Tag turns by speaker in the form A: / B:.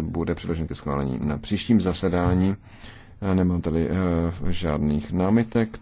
A: bude předložen ke schválení na příštím zasedání. Nemám tady eh, žádných námitek,